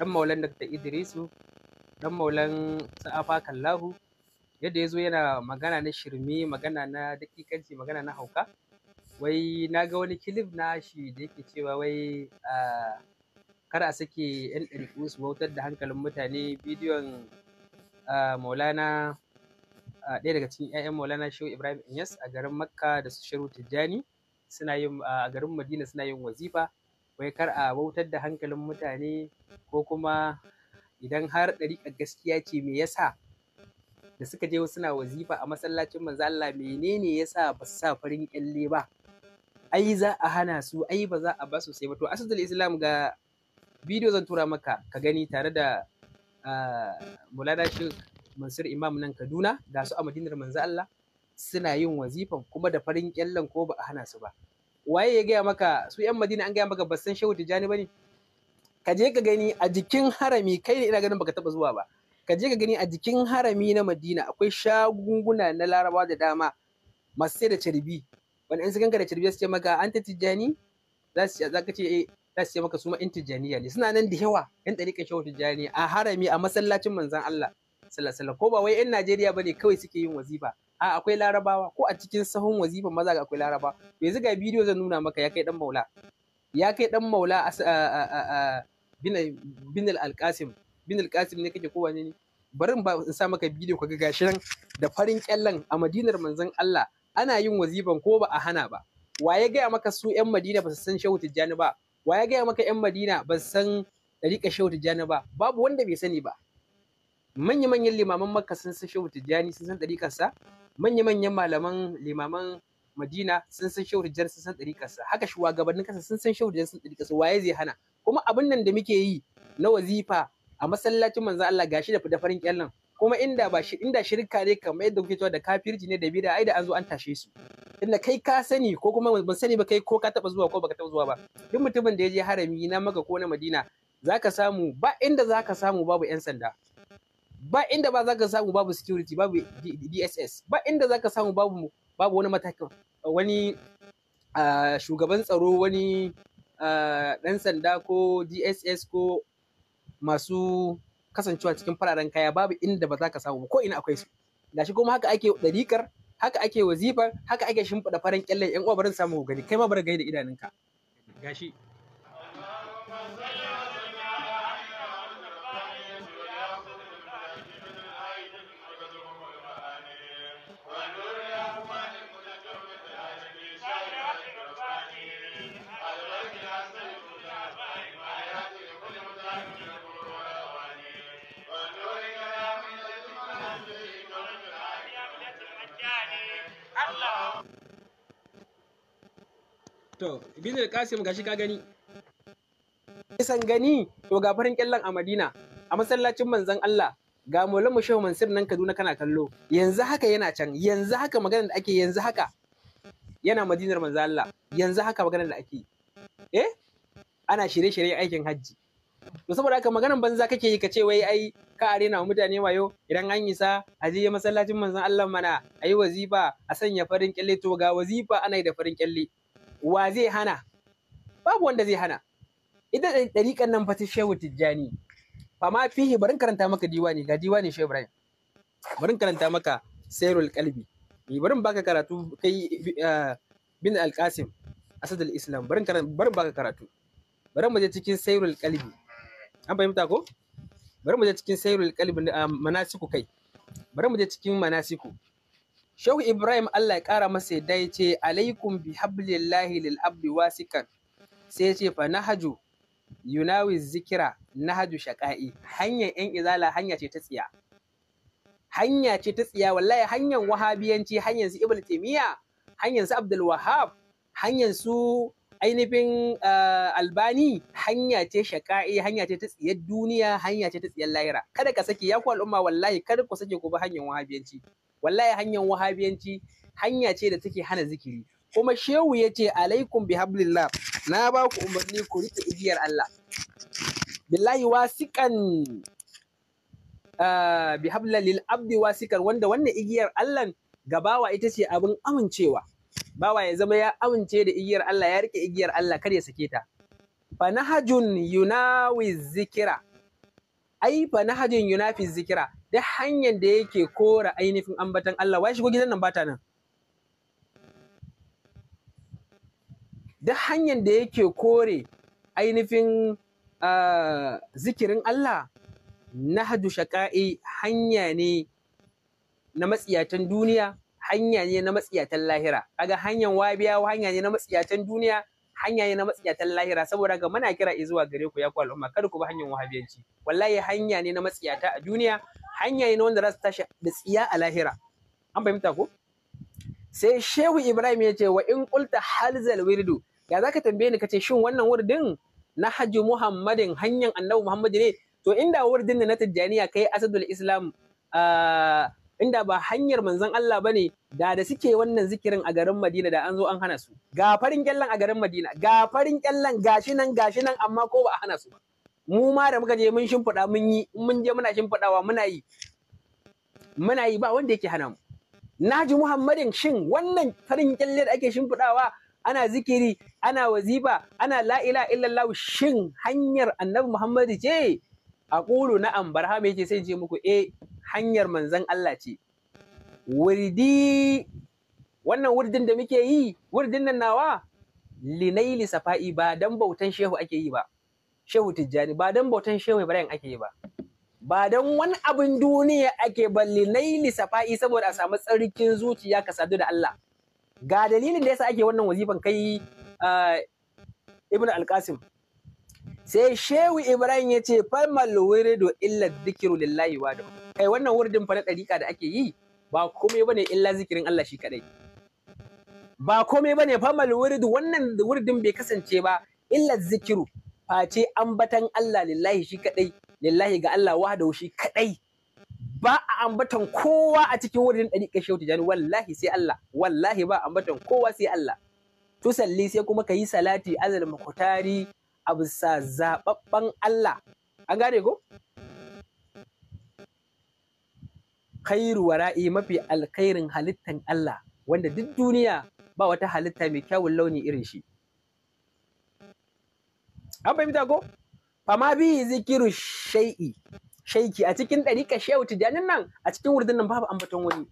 ɗan maulan Dr. Idrisu, ɗan maulan Sa'afa Kallahu, yadda ya zo yana magana na shirme, magana na dakikanci, magana na hauka. Wai na ga wani kilif na shi da yake cewa wai kar a sake 'yan ɗariƙu su wautar da hankalin mutane bidiyon maulana ɗaya daga cikin 'ya'yan maulana shehu ibrahim inyas a garin makka da su shiru tijjani suna yin a garin madina suna yin wazifa wai kar a bautar da hankalin mutane ko kuma idan har ɗariƙar gaskiya ce me yasa da suka je suna wazifa a masallacin manzo Allah menene yasa ba su sa farin kyalle ba ai za a hana su ai ba za a ba su sai ba to asadul islam ga bidiyo zan tura maka ka gani tare da mulana shi mansur imam nan kaduna ga su a madinar manzo Allah suna yin wazifan kuma da farin kyallen ko ba a hana su ba waye ya gaya maka su yan madina an gaya maka basan san shehu tijjani ba ne ka je ka gani a jikin harami kai ne ina ganin baka taba zuwa ba ka je ka gani a jikin harami na madina akwai shagunguna na larabawa da dama masu sai da carbi wani in su ganka da carbi su ce maka an ta tijjani za su ce eh, za su ce maka su ma in tijjaniya ne suna nan da yawa yan ɗariƙan shehu tijjani a harami a masallacin manzon Allah sallallahu ko ba wai yan Najeriya bane kawai suke yin wazifa a akwai larabawa ko a cikin sahun wazifa maza ga akwai laraba yanzu ga bidiyo zan nuna maka ya kai dan maula ya kai dan maula a bin al-qasim bin al ne kake kowa ne bari ba in sa maka bidiyo ka ga gashi nan da farin kyallan a madinar manzon Allah ana yin wazifan ko ba a hana ba wa ya gaya maka su yan madina ba su san shehu tijjani ba wa ya gaya maka yan madina ba su san dariƙa shehu tijjani ba babu wanda bai sani ba manya-manyan limaman makka sun san shehu tijjani sun san ɗariƙarsa manya-manyan malaman limaman madina sun san shehu tijjani sun san ɗariƙarsa haka shugabannin kasa sun san shehu tijjani sun san ɗariƙarsa waye zai hana kuma abin nan da muke yi na wazifa a masallacin manzo Allah gashi da farin kyallan kuma inda ba shi inda shirka ne kamar yadda kuke cewa da kafirci ne da bid'a ai da an zo an tashe su inda kai ka sani ko kuma ban sani ba kai ko ka taba zuwa ko baka taba zuwa ba duk mutumin da ya je harami na maka ko na Madina zaka samu ba inda zaka samu babu yan sanda ba inda ba za ka samu babu security babu dss ba inda za ka samu babu babu wani matakin wani shugaban tsaro wani ɗan sanda ko dss ko masu kasancewa cikin fararen kaya babu inda ba za ka samu ko ina akwai su gashi kuma haka ake dariƙar haka ake wazifar haka ake shimfiɗa farin kyallen yan uwa barin samu gani kai ma bar gani da idanunka gashi To, Ibnul Qasim gashi ka gani. Kisan gani to ga farin kyallan a Madina a masallacin manzan Allah ga Maulana Shehu Mansur nan Kaduna kana kallo. Yanzu haka yana can, yanzu haka magana da ake yanzu haka. Yana Madinar manzon Allah, yanzu haka magana da ake. Eh? Ana shirye-shiryen aikin hajji. to saboda haka maganan banza kake yi ka ce wai ai ka arena wa mutane wayo idan an yi sa a je masallacin manzon Allah mana a yi wazifa a sanya farin kyalle to ga wazifa ana yi da farin kyalle wa zai hana babu wanda zai hana Idan dariƙan nan fa ta shehu tijjani fa ma fihi barin karanta maka diwani ga diwani shehu ibrahim barin karanta maka qalbi kalbi eh, barin baka karatu kai eh, bin alqasim asad barin islam barin baka karatu Barin mu je cikin sairul kalbi an fahimta ko bari mu je cikin sayrul qalbi ah, manasiku kai bari mu je cikin manasiku Shehu Ibrahim Allah ya ƙara masa yadda ya ce alaikum bi hablillahi lil abdi wasikan sai ya ce fa nahaju yunawi zikira nahaju shaqa'i hanyar yan izala hanya ce ta tsiya hanya ce ta tsiya wallahi hanyar wahabiyanci hanyar su ibnu taymiya hanyar su abdul Wahhab hanyar su ainihin eh, albani hanya ce shaka'i hanya ce ta tsiyar duniya hanya ce ta tsiyar lahira kada ka sake ya ku al'umma wallahi kada ku sake ku bi hanyar wahabiyanci wallahi hanyar wahabiyanci hanya ce da take hana zikiri kuma shehu ya ce alaikum bi hablillah na ba ku umarni ku rike igiyar Allah billahi wasiqan eh, bi lil abdi wasiqan wanda wannan igiyar Allah gabawa ita ce abin amincewa bawa ya zama ya amince da igiyar Allah ya rike igiyar Allah kar ya sake ta fa nahajun yunawi zikira ai fa nahajun yunafi zikira da hanyar da yake kora ainihin ambatan Allah wai shigo gidan nan bata nan da hanyar da yake kore ainihin ah, zikirin Allah nahaju shaka'i hanya ne na matsiyatan duniya hanya ne na matsiyatan lahira kaga hanyar wabiya hanya ne na matsiyatan duniya hanya ne na matsiyatan lahira saboda ga muna kira zuwa gare ku ya ku al'umma kada ku bi hanyar wahabiyanci wallahi hanya ne na matsiyata a duniya hanya ne na wanda za su tashi da tsiya a lahira an fahimta ko sai shehu ibrahim ya ce wa in qulta halzal wirdu ya zaka tambaye ni kace shin wannan wurdin na haji muhammadin hanyar annabi Muhammadu ne to inda wurdin na tijjaniya kai asadul islam ah, inda ba hanyar manzon Allah ba ne, da da suke wannan zikirin a garin Madina da an zo an hana su ga farin kyallan a garin Madina ga farin kyallan gashi nan gashi nan amma ko ba a hana su mu ma da muka je mun shimfiɗa mun yi mun je muna shimfiɗawa muna yi muna yi ba wanda yake hana mu naji Muhammadin shin wannan farin kyalle da ake shimfiɗawa ana zikiri ana waziba ana la'ila ila illallah shin hanyar annabi Muhammadu ce A aqulu na'am barhama yake sai je muku eh hanyar manzan Allah ce wurdi wannan wurdin da muke yi wurdin nan nawa linaili safa'i ba don bautan shehu ake yi ba shehu tijjani ba don bautan shehu ibrahim ake yi ba ba don wani abin duniya ake ba linaili safa'i saboda a samu tsarkin zuciya ka sadu da Allah ga dalilin da yasa ake wannan wazifan kai ah, ibn alkasim sai shehu ibrahim ya ce falmal wuridu illa dhikru lillahi wahdahu kai wannan wurdin fa na ɗariƙa da ake yi ba komai bane illa zikirin Allah shi kadai ba komai bane famal wurdu wannan wurdin bai kasance ba illa zikiru face ambatan Allah lillahi shi kadai lillahi ga Allah wahdahu shi kadai ba a ambatan kowa a cikin wurin ɗari wata jani wallahi sai Allah wallahi ba ambatan kowa sai Allah salli sai kuma ka yi salati azal makutari abu sa zababban Allah an gane ko khairu wara'i mafi alkhairin halittan Allah wanda duk duniya ba wata halitta mai kyawun launi irin shi an fahimta ko fama bi zikiru shai'i shaiki a cikin dariƙa shehu tijanin nan a cikin wurdin nan babu ambaton wani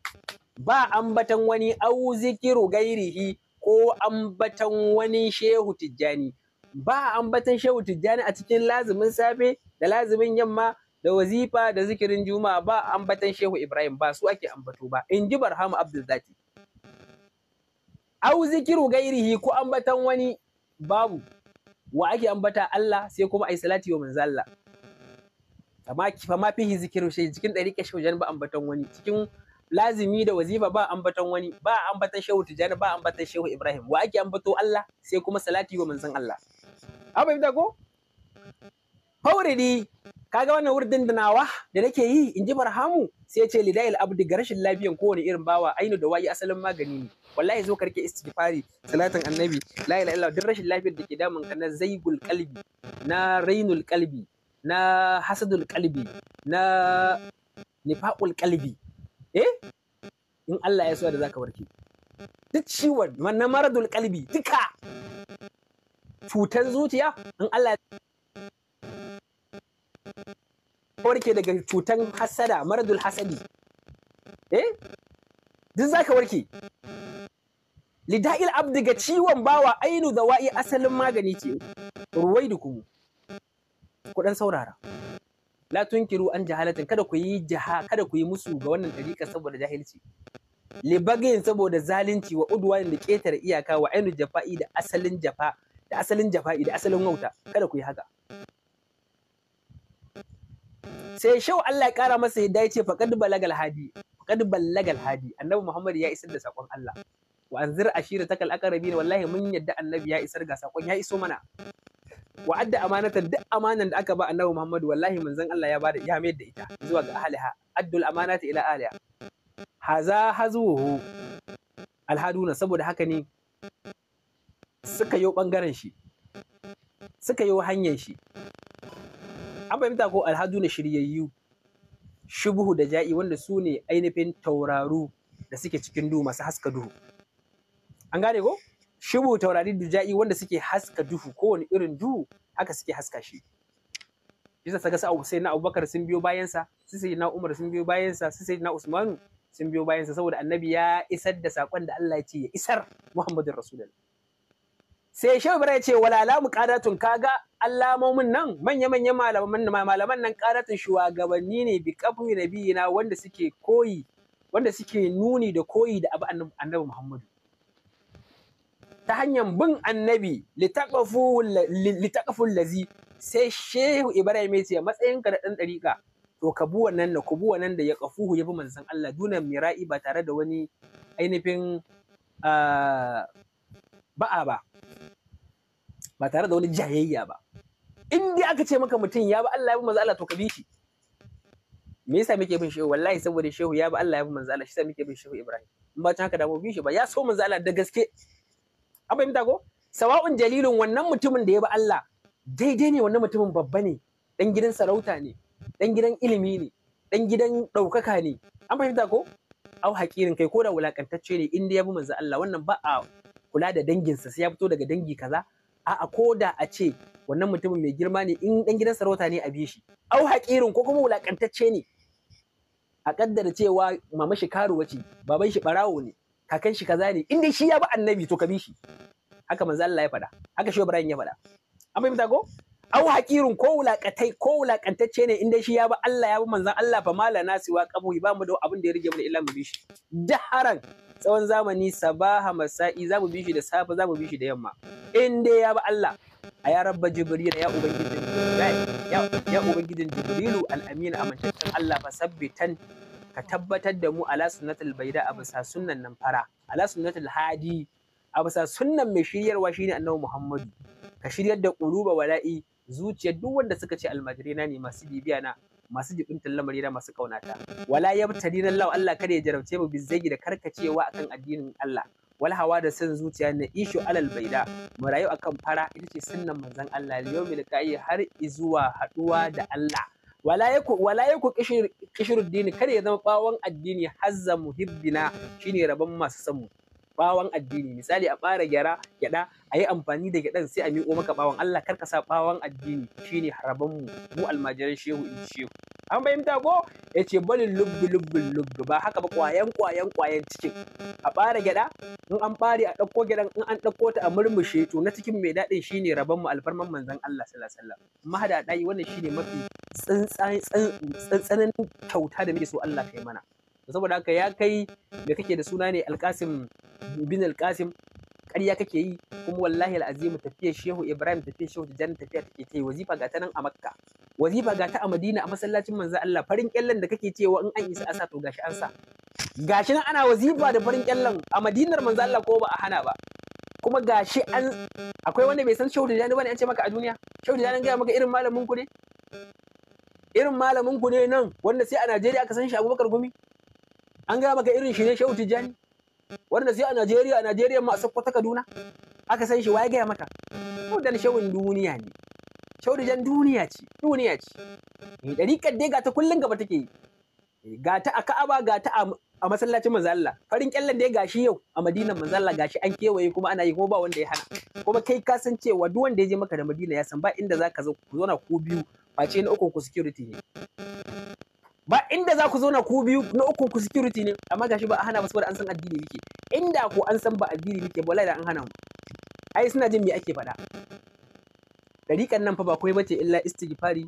ba ambaton wani au zikiru gairihi ko ambaton wani shehu tijjani ba ambaton shehu tijjani a cikin lazumin safe da lazumin yamma da wazifa da zikirin juma'a ba ambatan shehu ibrahim ba su ake ambato ba in ji barhamu abdul au zikiru gairihi ko ambatan wani babu wa ake ambata Allah sai kuma ai salati wa manzo Allah amma fa ma fihi zikiru shi cikin dariƙa shehu jan ba ambatan wani cikin lazimi da wazifa ba ambatan wani ba ambatan shehu tijani ba ambatan shehu ibrahim wa ake ambato Allah sai kuma salati wa manzon Allah abin da ko fauridi kaga wannan wurdin da nawa da nake yi in ji barhamu sai ce lidayil abdi ga rashin lafiyan kowane irin bawa ainu da wayi asalin magani ne wallahi zo karke istighfari salatin annabi la ilaha illallah duk rashin lafiyar da ke damun ka na zaigul qalbi na rainul qalbi na hasadul qalbi na nifaqul qalbi eh in Allah ya so da zaka warke duk ciwon na maradul qalbi duka cutar zuciya in Allah ya warke daga cutan hasada maradul hasadi eh duk zaka warke lida'il abdi ga ciwon bawa ainu da dawa'i asalin magani ce ruwai da ku dan saurara la tunkiru an jahalatin kada ku yi jaha kada ku yi musu ga wannan dariƙa saboda jahilci libagin saboda zalunci wa udwan da ƙetare iyaka wa ainu jafa'i da asalin jafa da asalin jafa'i da asalin wauta kada ku yi haka sai shau Allah ya kara masa yadda ya ce faqad balagal hadi faqad balagal hadi annabi Muhammad ya isar da sakon Allah wa anzir aka rabi aqrabin wallahi mun yadda annabi ya isar ga sakon ya iso mana wa adda amanatan duk amanan da aka ba annabi Muhammad wallahi manzon Allah ya bada ya mayar da ita zuwa ga ahliha addul amanata ila ahliha haza hazuhu alhaduna saboda haka ne suka yi bangaren shi suka yi hanyar shi an fahimta ko alhadu na shiryayyu shubuhu da ja'i wanda su ne ainihin tauraru da suke cikin duhu masu haska duhu an gane ko shubuhu taurari da ja'i wanda suke haska duhu kowane irin duhu haka suke haska shi yasa saka sa sai na Abubakar sun biyo bayansa su sai na Umar sun biyo bayansa su sai na Usmanu sun biyo bayansa saboda annabi ya isar da sakon da Allah ya ce ya isar Muhammadin Rasulullah sai shehu ibrahim ya ce walala mu qadatun kaga alamomin nan manya-manyan malaman malaman nan qadatun shugabanni ne bi kafin nabiyina wanda suke koyi wanda suke nuni da koyi da abu annabi muhammadu ta hanyar bin annabi litaqafu lazi sai shehu ibrahim ya ce matsayinka da ɗan dariqa to ka wannan da ku wannan da ya kafuhu ya bi manzon Allah dunan mira'i ba tare da wani ainihin ah, ba'a ba ba tare da wani jayayya ba in dai aka ce maka mutum ya bi Allah ya bi manzo Allah to ka bi shi me yasa muke bin shehu wallahi saboda shehu ya bi Allah ya bi manzo Allah shi yasa muke bin shehu Ibrahim in ba ta haka da mu bi shi ba ya so manzo Allah da gaske an fahimta ko sawa'un jalilun wannan mutumin da ya bi Allah daidai ne wannan mutumin babba ne dan gidan sarauta ne dan gidan ilimi ne dan gidan ɗaukaka ne an fahimta ko au haƙirin kai ko da wulaƙantacce ne dai ya bi manzo Allah wannan ba a kula da danginsa sai ya fito daga dangi kaza a'a ko da a ce wannan mutumin mai girma ne in dan gidan sarauta ne a bishi. au haƙirin ko kuma wulakantacce ne a kaddara cewa mama shi karuwa ce baban shi barawo ne kakan shi kaza ne Inda shi ya bi annabi to ka bi shi haka manzo Allah ya faɗa haka shi Ibrahim ya faɗa an fahimta ko au haƙirin ko wulaƙatai ko wulaƙantacce ne Inda shi ya ba Allah ya bi manzan Allah fa mala wa ƙabu ba mu da abin da ya rige mu da illa mu bi shi haran tsawon zamani sabaha masa'i za mu bi da safe za mu bi shi da yamma in dai ya ba Allah a ya rabba jibril ya ubangijin ya ubangijin jibrilu al-amin amintaccen Allah fa sabbitan ka tabbatar da mu ala sunnatul baida a bisa sunnan nan fara ala sunnatul hadi a bisa sunnan mai shiryarwa shine annabi Muhammadu ka shiryar da quluba wala'i zuciyar duk wanda suka ce almajirai na ne masu bibiya na masu jibintar lamari na masu kaunata wala ya na lau Allah kada ya jarabce mu bizzagi da karkacewa akan addinin Allah wal hawa da san zuciya na ishu alal baida mu rayu akan fara ita ce sunnan manzon Allah yawmil qayyim har zuwa haduwa da Allah wala ya ku kishiruddini kada ya zama bawon addini hazza muhibbina shine rabon masu samu bawan addini misali a fara gyara gyada a yi amfani da gyadan sai a miƙo maka bawan Allah kar ka sa bawan addini shine haraban mu mu almajiran shehu in shehu an fahimta ko ya ce balin lubbi lubbin lubbi ba haka ba kwayan kwayan kwayan cikin a fara gyada in an ɓare a ɗauko gyadan in an ɗauko ta a murmushe to na cikin mai daɗin shine rabon mu alfarman manzon Allah sallallahu alaihi wasallam mahada dai wannan shine mafi tsantsanin kyauta da muke so Allah kai mana saboda haka ya kai da kake da suna ne alkasim bin alkasim ƙarya kake yi kuma wallahi al'azim tafiyar shehu ibrahim tafiyar shehu Jan tafiya take ta yi wazifa ga ta nan a makka wazifa ga ta a madina a masallacin manzo Allah farin kyallan da kake cewa in an isa asa to gashi an sa gashi nan ana wazifa da farin kyallan a madinar manzo Allah ko ba a hana ba kuma gashi an akwai wanda bai san shehu tijjani ne an ce maka a duniya shehu tijjani ga maka irin malamin ku ne irin malamin ku ne nan wanda sai a Najeriya aka san shi Abubakar Gumi an gaya maka irin shi ne shehu tijjani wanda sai a najeriya a najeriya masu kwata kaduna aka san shi waye gaya maka wadda na shehun duniya ne shehu tijjani duniya ce duniya ce dariƙar dai ga ta kullum gaba take yi eh, ga ta a ka'aba ga ta a masallacin manzalla farin kyallan dai gashi yau a madinan manzalla gashi an kewaye kuma ana yi kuma ba wanda ya hana kuma kai ka san cewa duk wanda ya je maka da madina ya san ba inda zaka zo ku zauna ko biyu face na uku ku security ne ba inda za ku zauna ku biyu na uku ku security ne amma gashi ba a hana ba saboda an san addini yake inda ko an san ba addini yake wallahi da an hana mu ai suna jin me ake faɗa dariƙan nan fa ba ba bace illa istighfari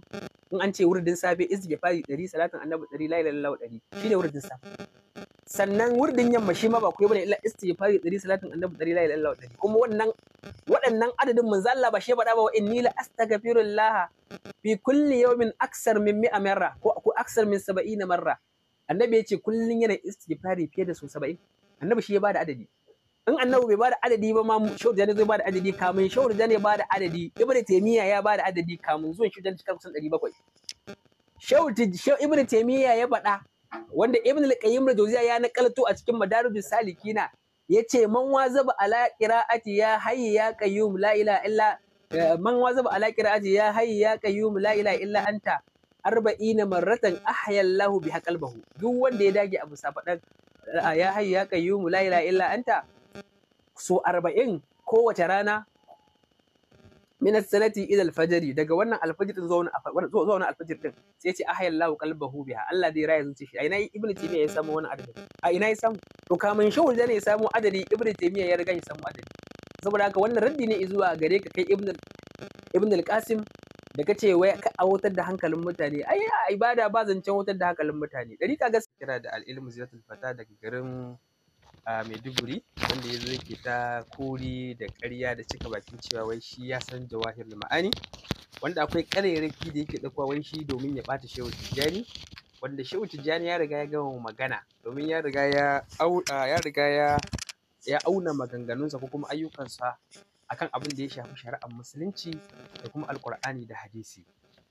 in an ce wurdin safe fari ɗari salatin annabi ɗari la ilaha illallah ɗari ne wurdin safe sannan wurdin yamma shi ma ba kuwa bane illa istighfari ɗari salatin annabi ɗari la ilaha illallah ɗari kuma wannan waɗannan adadin manzo Allah ba shi faɗa ba wa inni la astaghfirullah fi kulli yawmin aksar min mi'a marra ko ko aksar min saba'ina marra annabi ya ce kullun yana istighfari fiye da su saba'in annabi shi ya bada adadi in annabi bai bada adadi ba ma shawar jani zai bada adadi kamun shawar jani ya bada adadi Ibrahim taymiya ya bada adadi kamun zuwan shawar jani cikin kusan 700 shawar Ibrahim taymiya ya bada wanda Ibn al-qayyim al ya nakalto a cikin madarijus salikina yace man wazaba ala qira'ati ya hayy ya qayyum la ilaha illa eh, man wazaba ala qira'ati ya hayy ya qayyum la ilaha illa anta arba'ina marratan ahya Allahu biha qalbahu duk wanda ya dage abu safadan eh, ya hayy ya qayyum la ilaha illa anta Su arba'in kowace rana minas sanati ila alfajari daga wannan alfajir din zuwa wannan alfajir din sai ce ahya Allahu qalbahu biha Allah dai raya zuciya a ina ibnu taymiya ya samu wani adadi a ina ya samu to kamun shawul da ne ya samu adadi ibnu taymiya ya riga ya samu adadi saboda haka wannan raddi ne zuwa gare ka kai ibnu ibnu al-qasim da kace wai ka wutar da hankalin mutane ai ibada ba zancen wutar da hankalin mutane ka gaskiya da al-ilmu ziratul fata daga garin a maiduguri wanda ya zo yake ta kori da ƙarya da cika bakin cewa wai shi ya san jawahir ma'ani wanda akwai ƙarairaki da yake ɗauka wai shi domin ya ɓata shehu tijjani wanda shehu tijjani ya riga ya gama magana domin ya riga ya ya riga ya ya auna maganganunsa ko kuma ayyukansa akan abin da ya shafi shari'ar musulunci da kuma alkur'ani da hadisi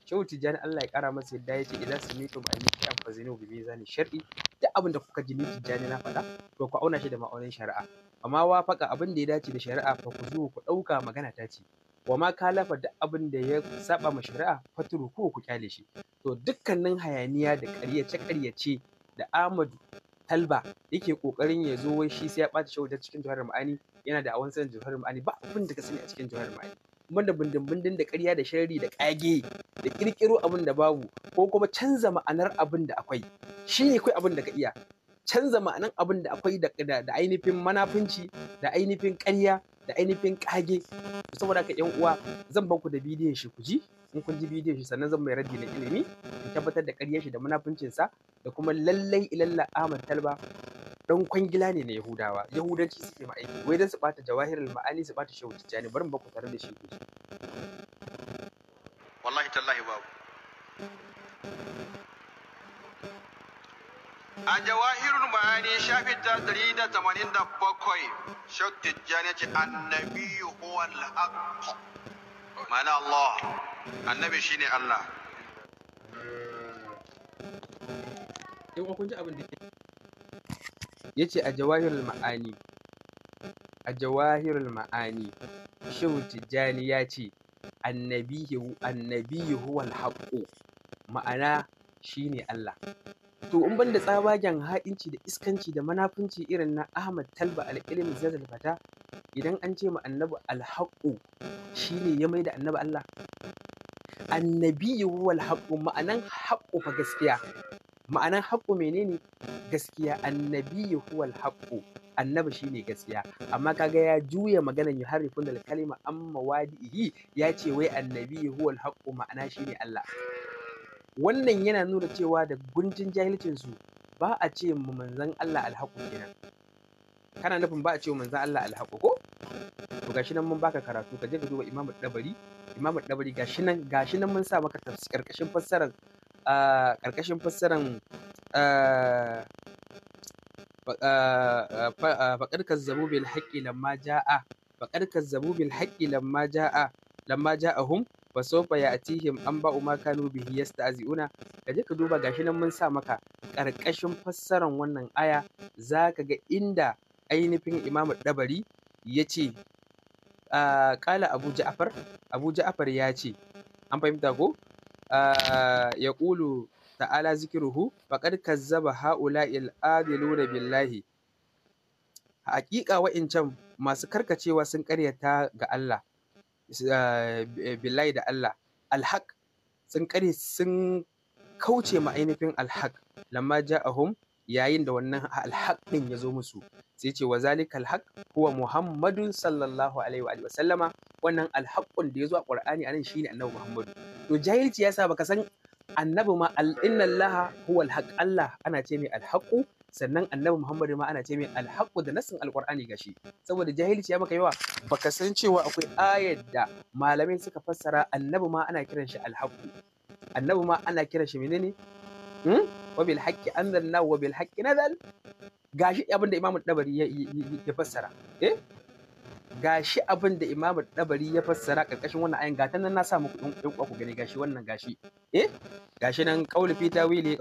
shehu tijjani allah ya ƙara masa yadda ya ce idan su mito ba a yi kiran fa zinu bi mizani shar'i duk abin da kuka ji ni tijjani na faɗa to ku auna shi da ma'aunin shari'a amma wafaka abin da ya dace da shari'a fa ku zo ku ɗauka magana ta ce wa ma kalafa duk abin da ya saba ma shari'a faturu ku ku kyale shi to dukkanin hayaniya da ƙaryace ƙaryace da Ahmadu Talba yake kokarin ya zo wai shi sai ya ɓata shaudar cikin jihar Ma'ani yana da awan sanin jihar Ma'ani ba abin da ka sani a cikin jihar Ma'ani kuma da bindin da ƙarya da sharri da ƙage da ƙirƙiro abin da babu ko kuma canza ma'anar abin da akwai shi ne kai abin da ka iya canza ma'anar abin da akwai da ainihin manafinci da ainihin ƙarya da ainihin ƙage saboda ka yan uwa zan ba da bidiyon shi ku ji in kun ji bidiyon shi sannan zan mai raddi na ilimi in tabbatar da ƙaryar shi da manafincinsa. da kuma lallai ilalla Ahmad Talba dan kwangila ne na Yahudawa mm. Yahudanci suke ma aiki wai dan su bata jawahirul ma'ani su bata shehu tijjani bari mu baku tare da shi wallahi tallahi babu a jawahirul ma'ani shafi ta 187 shehu tijjani ce annabi huwal haqq ma'ana Allah annabi shine Allah in ji abin da ya ce a jawahirul ma'ani a jawahirul ma'ani shehu tijjani ya ce annabi huwal alhaqqu ma'ana shine Allah to in banda tsabagen haɗinci da iskanci da manafinci irin na Ahmad Talba al-Ilmi Zazal Fata idan an ce ma annabi al shine ya mai da annabi Allah annabi huwal alhaqqu ma'anan haqqu fa gaskiya ma'anan Haƙƙo menene gaskiya annabiyyu huwal Annaba annabi shine gaskiya amma kaga ya juya maganar ya harifin da kalima amma wadihi ya ce wai Annabi huwal Haƙƙo ma'ana shine Allah wannan yana nuna cewa da guntun jahilcin su ba a ce mu manzon Allah alhaqu kenan kana nufin ba a ce mu manzon Allah alhaqu ko to gashi nan mun baka karatu ka je ka duba imamu Dabari imamu Dabari gashi nan gashi nan mun sa maka tafsir karkashin fassarar a ƙarƙashin fassaran faƙar zabu bil haƙƙi lamma ja'a faƙar zabu bil haƙƙi lamma ja'a lamma ja'ahum fa sawfa ya'tihim ba umma kanu bihi yasta'zi'una kaje ka duba gashi nan mun sa maka ƙarƙashin fassarar wannan aya zaka ga inda ainihin imamu dabari ya ce ƙala abu ja'far abu ja'far ya ce an fahimta ko ya ƙulu ta'ala zikiruhu faƙar kazzaba ha'ula'il adiluna billahi haƙiƙa wa'incan masu karkacewa sun ƙaryata ga billahi da Allah alhaq sun sun kauce ma ainihin alhaq lamma ja'ahum yayin da wannan alhaq din ya zo musu sai ce wa zalika alhaq huwa muhammadun sallallahu alaihi wa sallama wannan alhaqun da ya zo a qur'ani anan shine annabi muhammadu to jahilci yasa baka san annabi ma inna allah huwa alhaq allah ana ce mai alhaqu sannan annabi muhammadu ma ana ce mai alhaqu da nassin alqur'ani gashi saboda jahilci ya maka yawa baka san cewa akwai ayar da malamai suka fassara annabi ma ana kiran shi alhaqu annabi ma ana kiran shi menene Hmm? wa bil haqqi anzalna wa bil haqqi nazal gashi abin da imamu dabari ya fassara eh gashi abin da imamu dabari ya fassara karkashin wannan ayin gatan nan na sa muku ɗan ku gani gashi wannan gashi eh gashi nan qawli fi tawili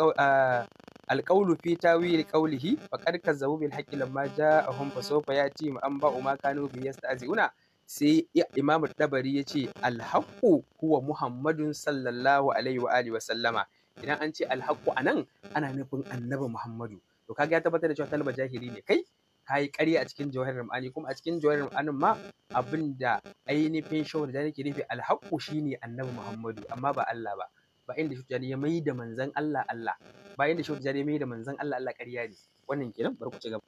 alqawlu fi tawili qawlihi faqad kazzabu bil haqqi lamma ja'ahum fa sawfa yati ma an ba'u ma kanu bi yasta'zi'una sai imamu dabari ya ce alhaqqu huwa muhammadun sallallahu alaihi wa alihi wa sallama idan an ce alhaqqu anan ana nufin annabi Muhammadu to kaga ya tabbatar da cewa talaba jahili ne kai ka yi karya a cikin jawahar ma'ani kuma a cikin jawahar ma'anin ma abin da ainihin shawar da nake nufi alhaqqu shine annabi Muhammadu amma ba Allah ba ba inda shi ya mai da manzon Allah Allah ba inda shi ya mai da manzon Allah Allah ƙarya ne wannan kenan bari ku ci gaba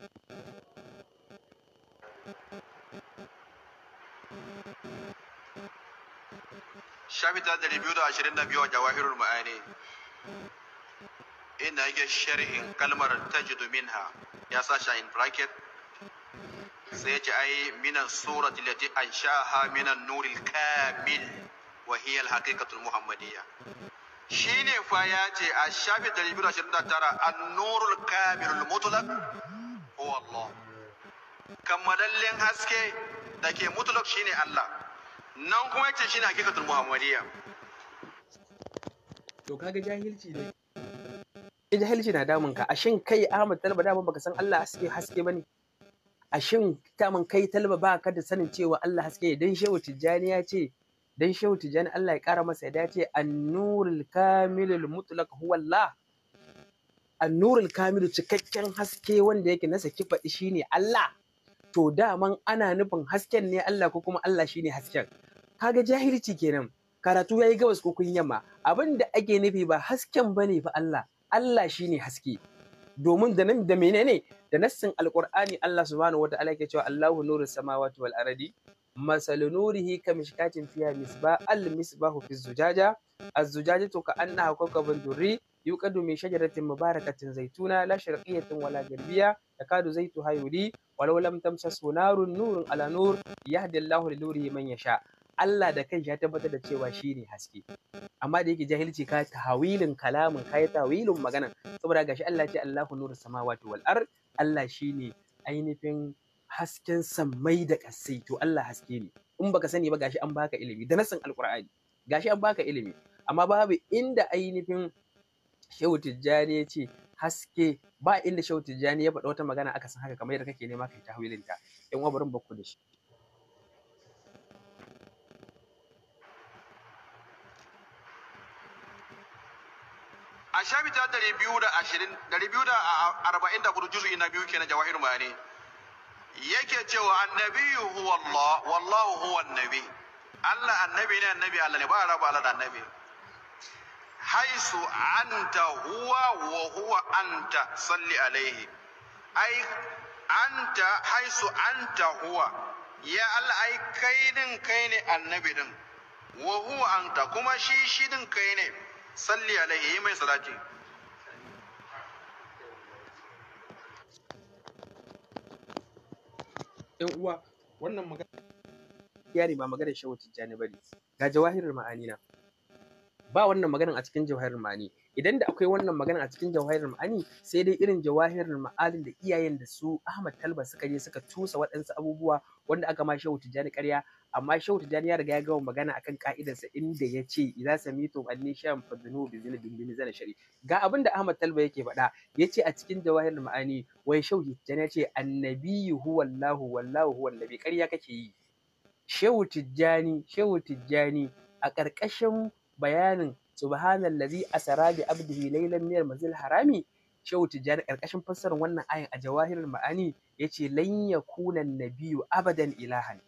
Shafi ta biyu a jawahirul ma'ani ina yake shari'in kalmar tajidu minha ya sa sasha in bracket sai ce ai minan surati lati anshaha minan nuril kamil wa hiya al-haqiqatul muhammadiyya shine fa ya ce a shafi 229 an-nurul kamilul mutlaq huwa oh, Allah kammalallen haske da ke mutlaq shine Allah nan kuma yace shine haqiqatul muhammadiyya to kaga jahilci ne jahilci na damun ka ashin kai Ahmad Talba daman baka san Allah haske haske bane ashin daman kai Talba ba ka da sanin cewa Allah haske dan Shehu Tijjani ya ce dan Shehu Tijjani Allah ya kara masa ya dace an-nurul kamilul mutlaq huwa Allah annurul kamilu cikakken haske wanda yake na saki faɗi shine Allah to daman ana nufin hasken ne Allah ko kuma Allah shine hasken kaga jahilci kenan karatu ya yi gabas ko kun yamma abin da ake nufi ba hasken ba ne fa Allah Allah shi ne haske domin da nan da menene da nassin alkur'ani Allah subhanahu wataala ke cewa Allahu nurus samawati wal ardi masal nurihi mishkatin fiya misba al misbahu fi zujaja az-zujajatu ka'annaha kawkabun durri yuqadu min shajaratin mubarakatin zaituna la sharqiyatin wala garbiya takadu zaitu hayuli walau lam tamsasu narun nurun ala nur yahdi Allahu li nurihi man yasha Allah da kanshi ya tabbatar da cewa shi ne haske amma da yake jahilci ka tawilin kalamin ka yi tawilin magana saboda gashi Allah ce Allahu nuru samawati wal ard Allah shine ainihin hasken sammai da kasai to Allah haske ne in baka sani ba gashi an baka ilimi da nasin alqur'ani gashi an baka ilimi amma babu inda ainihin Shehu Tijjani ya ce haske ba inda Shehu Tijjani ya faɗa wata magana aka san haka kamar yadda kake nema kai yi ta in wabarin bakku da shi a shafi ta dari biyu da ashirin dari biyu da arba'in da hudu juzu'i na biyu kenan jawahir bayani yake cewa annabiyu huwa Allah wallahu huwa annabi Allah annabi ne annabi Allah ne ba raba Allah da annabi haisu anta huwa wa huwa anta salli alaihi ai anta haisu anta huwa ya Allah ai kai din kai ne annabi din wa huwa anta kuma shi shi din kai ne salli alaihi yi mai salati yan uwa wannan magana ya ne ba maganar shehu tijjani bane ga jawahirar ma'ani na ba wannan maganar a cikin jawahirar ma'ani idan da akwai wannan magana a cikin jawahirin ma'ani sai dai irin jawahirin ma'anin da iyayen da su Ahmad Talba suka je suka tusa waɗansu abubuwa wanda aka ma Shehu Tijjani ƙarya amma Shehu Tijjani ya riga ya gama magana akan ka'idarsa inda ya ce idza samitu annisham fadnu bi zinabin bin zana shari ga abinda Ahmad Talba yake faɗa yace a cikin jawahirin ma'ani wai Shehu Tijjani ya ce annabiyyu huwallahu wallahu huwan nabi ƙarya kake yi Shehu Tijjani Shehu Tijjani a ƙarƙashin bayanin subhanallazi asara bi abdihi laylan min al harami shehu tijjani karkashin fassarar wannan ayin a jawahirul ma'ani yace lan yakuna nabiyyu abadan ilahan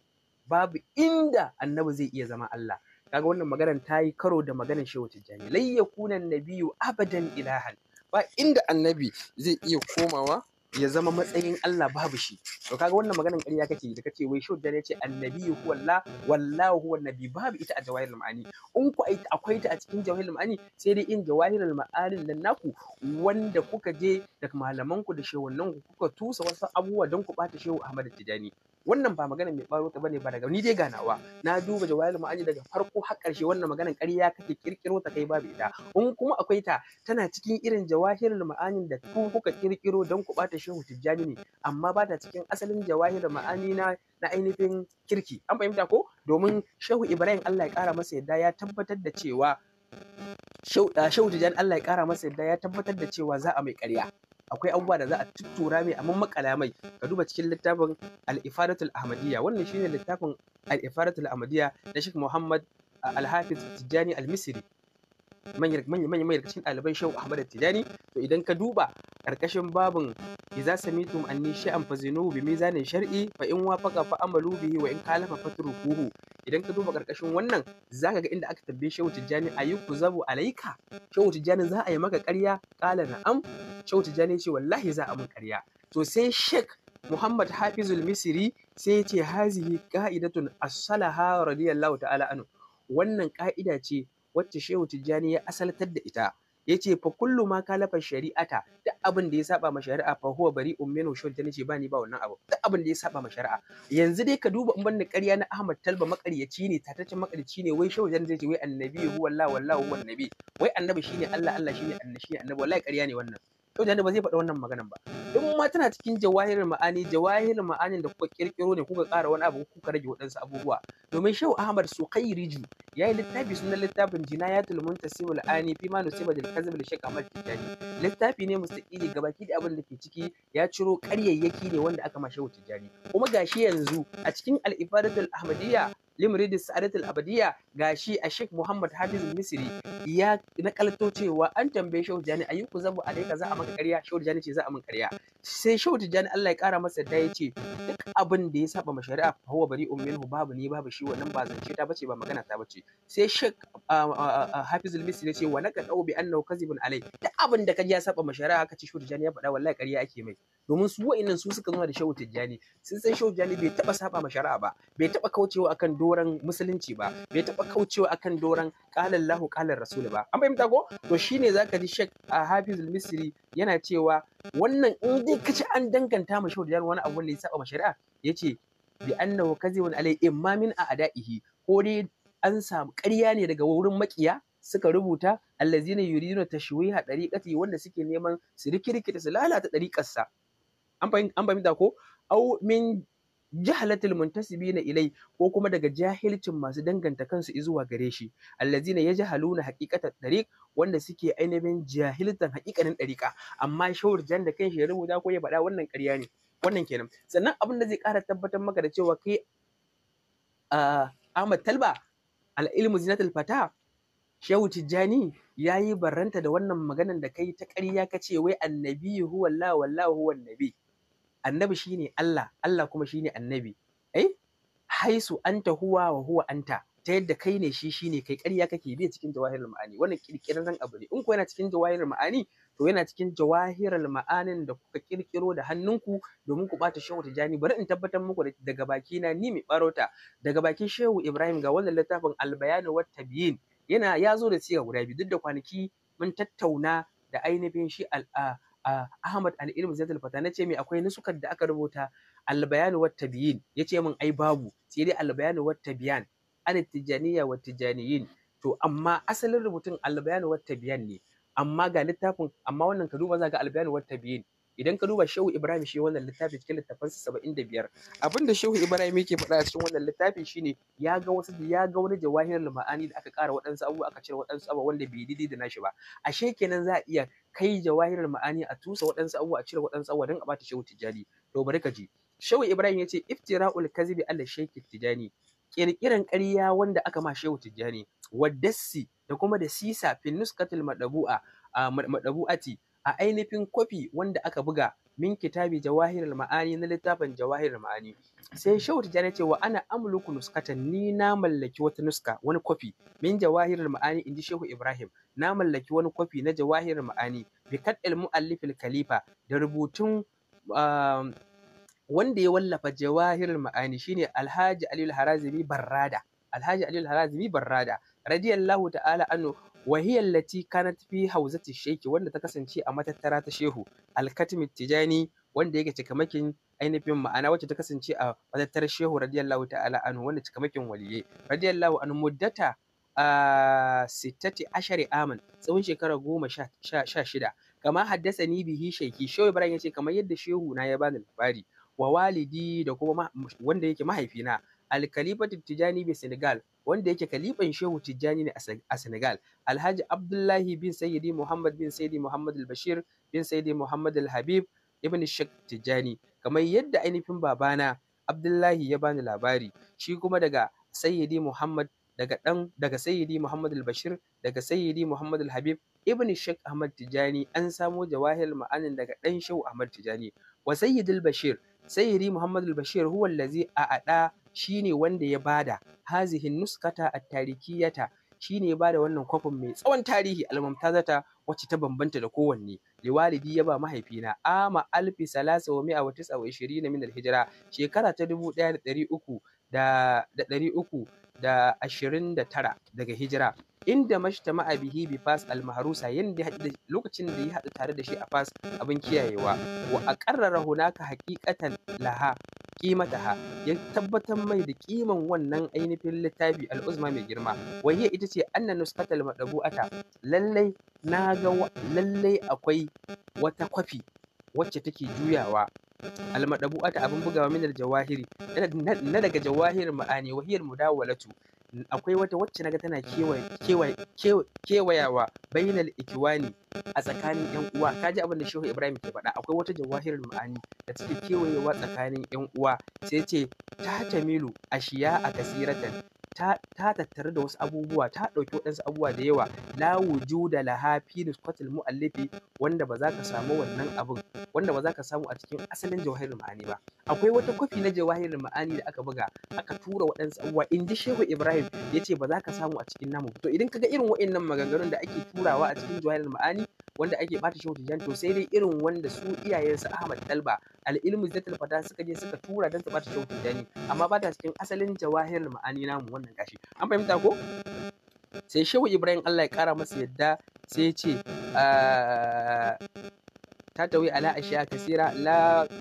babu inda annabi zai iya zama Allah kaga wannan maganar ta yi karo da maganar shehu tijjani lan yakuna nabiyyu abadan ilahan ba inda annabi zai iya komawa ya zama matsayin Allah babu shi to kaga wannan maganar ƙarya kake da kace wai shudda ne ce annabi huwa Allah wallahu huwa nabi babu ita a jawahirul ma'ani in ku akwai ta a cikin jawahirul ma'ani sai dai in jawahirul ma'ani nan naku wanda kuka je da malaman ku da shewannan ku kuka tusa wasu abubuwa don ku bata shehu Ahmad Tijani wannan ba magana mai ɓaro ta bane ba daga ni dai ganawa na duba jawayar ma'ani daga farko har ƙarshe wannan maganar ƙarya kake kirkiro ta kai babu ita in kuma akwai ta tana cikin irin jawahirul ma'anin da ku kuka kirkiro don ku bata shehu tijjani ne amma ba ta cikin asalin jawahirul ma'ani na na ainihin kirki an fahimta ko domin shehu ibrahim Allah ya kara masa yadda ya tabbatar da cewa Shehu Tijjani Allah ya kara masa yadda ya tabbatar da cewa za a mai ƙarya akwai abubuwa da za a tuttura mai amma makala mai ka duba cikin littafin al-ifadatul ahmadiyya wannan shine littafin al-ifadatul ahmadiyya na Sheikh Muhammad ah, al-Hafiz Tijjani al-Misri manyan manyan cikin ɗaliban shehu ahmad tijani to idan ka duba karkashin babin iza samitum anni shay'an fazinuhu bi mizanin shar'i fa in wafaqa fa amalu bihi wa in khalafa fatrukuhu idan ka duba karkashin wannan zaka ga inda aka tambaye shehu tijani ayyuku zabu alaika shehu tijani za a yi maka ƙarya qala na'am shehu tijani ce wallahi za a mun ƙarya to sai shek Muhammad Hafizul Misri sai ce hazihi ka'idatun as-salaha radiyallahu ta'ala anhu wannan ka'ida ce wacce Shehu Tijjani ya asaltar da ita ya ce fa kullum ma lafa shari'ata duk abin da ya saba ma shari'a fa huwa bari ummin shul tana ce ba ni ba wannan abu duk abin da ya saba ma shari'a yanzu dai ka duba in da ƙarya na Ahmad Talba makaryaci ne tatacce makaryaci ne wai shehu jan zai ce wai annabi huwa Allah wallahu huwa annabi wai annabi shine Allah Allah shine annabi shine annabi wallahi ƙarya ne wannan Yau da ba zai faɗa wannan maganan ba. In ma tana cikin jawahirin ma'ani, jawahirin ma'anin da kuka kirkiro ne kuka ƙara wani abu kuka rage waɗansu abubuwa. Domin Shehu Ahmad riji ya yi littafi sunan littafin Jinayatul Muntasimul Ani fi ma nusiba da kazib da Sheikh Ahmad Tijjani. Littafi ne mustaqili gabaki da abin da ke ciki ya ciro karyayyaki ne wanda aka ma Shehu Tijjani. Kuma gashi yanzu a cikin Al-Ifadatul Ahmadiyya limridi sa'adatul ga shi a Sheikh Muhammad Hafiz Misri ya nakalto cewa an tambaye Shehu Jani ayyuku zambu a dai za a maka ƙarya Shehu Jani ce za a min ƙarya sai Shehu Jani Allah ya ƙara masa da yace duk abin da ya saba ma shari'a fa huwa bari minhu babu ni babu shi wannan ba zance ta bace ba magana ta bace sai sheik Hafiz Misri ce wa na naka dau bi annahu kazibun alai duk abin da kaji ya saba ma shari'a kace Shehu Jani ya faɗa wallahi ƙarya ake mai domin su wa'annan su suka zama da shehu tijjani sun san shehu tijjani bai taba saba ma shari'a ba bai taba kaucewa akan doran musulunci ba bai taba kaucewa akan doran qala lahu qala Rasul ba an bayyana ko to shine zaka ji Sheikh Hafizul Misri yana cewa wannan in dai kace an danganta ma shehu tijjani wani abu ne ya saba ma shari'a yace bi annahu kazibun alai imma min a'da'ihi ko dai an samu ƙarya ne daga wurin makiya suka rubuta allazina yuridu tashwiha dariqati wanda suke neman su rikirkita su lalata dariƙarsa an fahimta ko au min jahalatul muntasibina ilai ko kuma daga jahilcin masu danganta kansu zuwa gare shi allazina yajhaluna haqiqata tariq wanda suke ainihin jahiltan haƙiƙanin ɗariƙa amma jan da kan ya rubuta ko ya faɗa wannan ƙarya ne wannan kenan sannan abin da zai ƙara tabbatar maka da cewa kai Ahmad Talba al-ilmu zinatul fata Shehu Tijjani ya yi barranta da wannan maganan da kai ta ƙarya ka ce wai annabi huwa Allah wallahu huwa annabi annabi shine Allah Allah kuma shine annabi Ai, eh? haisu anta huwa wa huwa anta ta yadda kai ne shi shine kai karya kake biya cikin jawahirul ma'ani wannan ƙirƙirarren abu ne in ku yana cikin jawahirul ma'ani to yana cikin jawahirul ma'anin da kuka ƙirƙiro da hannunku domin ku bata shehu tijani bari in tabbatar muku daga bakina ni mai barota daga bakin shehu ibrahim ga wannan littafin albayani wa tabiyin yana ya zo da ciga guda biyu duk da kwanaki mun tattauna da ainihin shi al'a ah, Ahmad al-Ilm Zaid al-Fata ce me akwai nusukar da aka rubuta al-bayan wa tabiyin ce min ai babu sai dai al-bayan wa tabiyan an tijaniya wa tijaniyin to amma asalin rubutun al-bayan wa tabiyan ne amma ga littafin amma wannan ka duba za al-bayan wa tabiyin idan ka duba shehu ibrahim shi wannan littafi cikin littafan saba'in 75 abin da shehu ibrahim yake faɗa a cikin wannan littafi shine ya ga wasu ya ga wani jawahirul ma'ani da aka ƙara waɗansu abubuwa aka cire waɗansu abubuwa wanda bai daidai da nashi ba ashe kenan za a iya kai jawahirul ma'ani a tusa waɗansu abubuwa a cire waɗansu abubuwa don a bata shehu tijjani to bari ka ji shehu ibrahim ya ce iftira'ul kazibi ala shaykh tijani kirkiran ƙarya wanda aka ma shehu tijjani wadassi da kuma da sisa fil nuskatil madabu'a madabu'ati a ainihin kwafi wanda aka buga min kitabi jawahir ma'ani na littafin jawahir ma'ani sai shawar tijjani ce wa ana amluku nuskatan ni na mallaki wata nuska wani kwafi min jawahir ma'ani ji shehu ibrahim na mallaki wani kwafi na jawahir ma'ani bi kad kalifa khalifa da rubutun um, wanda ya wallafa jawahir ma'ani shine alhaji aliyu harazimi barrada alhaji aliyu harazimi barrada radiyallahu ta'ala anhu wahiyar lati kanat fi hauzati sheki wanda ta kasance a matattara ta shehu alkatmi tijani wanda yake cikamakin ainihin ma'ana wacce ta kasance a matattar shehu radiyallahu ta'ala anhu wanda cikamakin waliye radiyallahu anhu muddata a sittati ashari aman tsawon shekara goma sha shida kama haddasa ni bihi sheki shehu ibrahim ya ce kamar yadda shehu na ya bani labari wa walidi da kuma wanda yake mahaifina alkalifatu tijani bi senegal wanda yake kalifan shehu Tijani ne a senegal alhaji abdullahi bin sayyidi muhammad bin sayyidi muhammad al-bashir bin sayyidi muhammad al-habib ibn shek Tijani. kamar yadda ainihin babana abdullahi ya bani labari shi kuma daga sayyidi muhammad daga dan daga sayyidi muhammad al-bashir daga sayyidi muhammad al-habib ibn shek ahmad Tijani an samo jawahir ma'anin daga dan shehu ahmad Tijani. wa sayyidi al-bashir sayyidi muhammad al-bashir huwa allazi a'ada Shi ne wanda ya bada hazihin nuskata a tarikiyata shine ya bada wannan kwafin mai tsawon tarihi almamtazata wacce ta bambanta da kowanne liwalidi ya ba mahaifina ama alfi salasa wa mi'a wa tis'a wa ishirina min al hijira shekara ta dubu ɗaya da ɗari uku da ɗari uku da ashirin da tara daga hijira inda mashtama bihi bi fas al ya yanda lokacin da ya haɗu tare da shi a fas abin kiyayewa wa a aqarrara hunaka haqiqatan laha ha ya tabbatar mai da ƙiman wannan ainihin littafi al'uzma mai girma wahiya ita ce anna nusqatal madabu'ata lallai na ga lallai akwai wata kwafi wacce take juyawa ata abin bugawa min jawahiri na daga jawahir ma'ani wahiyar mudawalatu akwai wata wacce naga tana kewayawa bainal ikiwani a tsakanin yan uwa kaji abin da shehu ibrahim ke faɗa akwai wata jawahirul ma'ani da take kewayewa tsakanin yan uwa sai ce ta tamilu ashiya a kasiratan ta tattaru da wasu abubuwa ta ɗauki waɗansu abubuwa da yawa la wujuda laha fi nusqatil muallifi wanda ba za ka samu wannan abin wanda ba za ka samu a cikin asalin jawahirul ma'ani ba akwai wata kwafi na jawahirul ma'ani da aka buga aka tura waɗansu abubuwa in ji shehu ibrahim ya ce ba za ka samu a cikin namu to idan ka ga irin waɗannan maganganun da ake turawa a cikin jawahirul ma'ani wanda ake bata shi tijjani to sai dai irin wanda su iyayensu ahmad dalba al'ilmu zatul fata suka je suka tura dan su bata shehu tijjani amma bata cikin asalin jawahirul ma'ani namu wannan kashi an fahimta ko sai shehu ibrahim allah ya kara masa yadda sai ya ce ah, ta tawai ala mm, ashiya mm, mm. kasira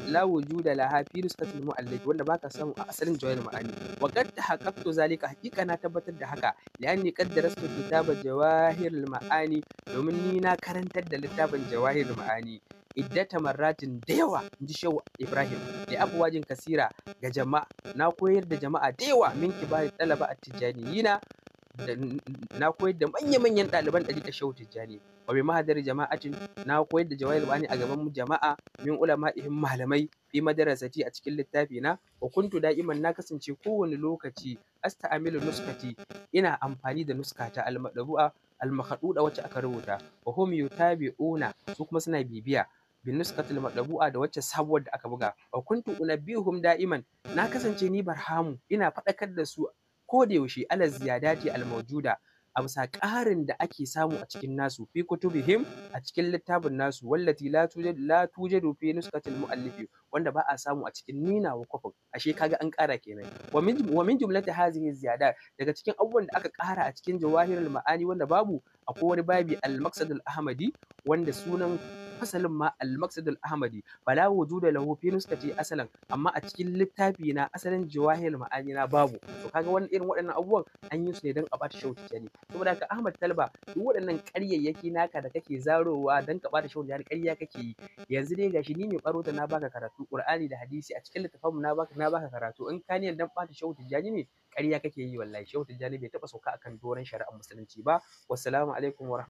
la wujuda la hafi nuskatin mu'allaji wanda ba ka samu a asalin jawai da ma'ani waƙar ta haƙaƙƙo zalika haƙiƙa na tabbatar da haka liyan ne ƙadda rasta ke taba jawahir ma'ani domin ni na karantar da littafin jawahir ma'ani idda ta maratun da yawa in ji shehu ibrahim da abubuwajin kasira ga jama'a na koyar da jama'a da yawa min ki ba ni ɗalaba a tijjani na. na koyar da manya-manyan ɗaliban ɗari da tijjani wa bi mahadar jama'atin na koyar da jawabani bani a gaban jama'a min ulama ihim malamai fi madarasati a cikin littafi na wa kuntu da'iman na kasance kowane lokaci asta'amilu nuskati ina amfani da nuskata almadabu'a almakaduda wacce aka rubuta wa hum yutabi'una su kuma suna bibiya bin nuskatul madabu'a da wacce sabuwar da aka buga wa kuntu unabbihum da'iman na kasance ni barhamu ina faɗakar da su kodayaushe ala ziyadati al-mawjuda a bisa ƙarin da ake samu a cikin nasu fi kutubihim a cikin littafin nasu wallati la tujadu fi nuskatil muallifi wanda ba a samu a cikin ninawa kwafin ashe kaga an ƙara kenan wa min jumlati hazihi ziyada daga cikin abubuwan da aka ƙara a cikin jawahirul ma'ani wanda babu akwai wani babi al-maqsadul ahmadi wanda sunan fasalin ma al-maqsadul ahmadi bala wujuda lahu fi nuskati asalan amma a cikin littafi na asalin jawahirul ma'ani na babu to kaga wannan irin waɗannan abubuwan an yi su ne don a bata shauki jani saboda haka Ahmad Talba duk waɗannan ƙaryayyaki naka da kake zarowa don ka bata shauki jani ƙarya kake yi yanzu dai gashi ni mai barota na baka karatu Qur'ani da hadisi a cikin littafanmu na baka na baka karatu in ka niyan dan bata shehu tijjani ne ƙarya kake yi wallahi shehu tijjani bai taba sauka akan doron shari'ar musulunci ba wassalamu alaikum wa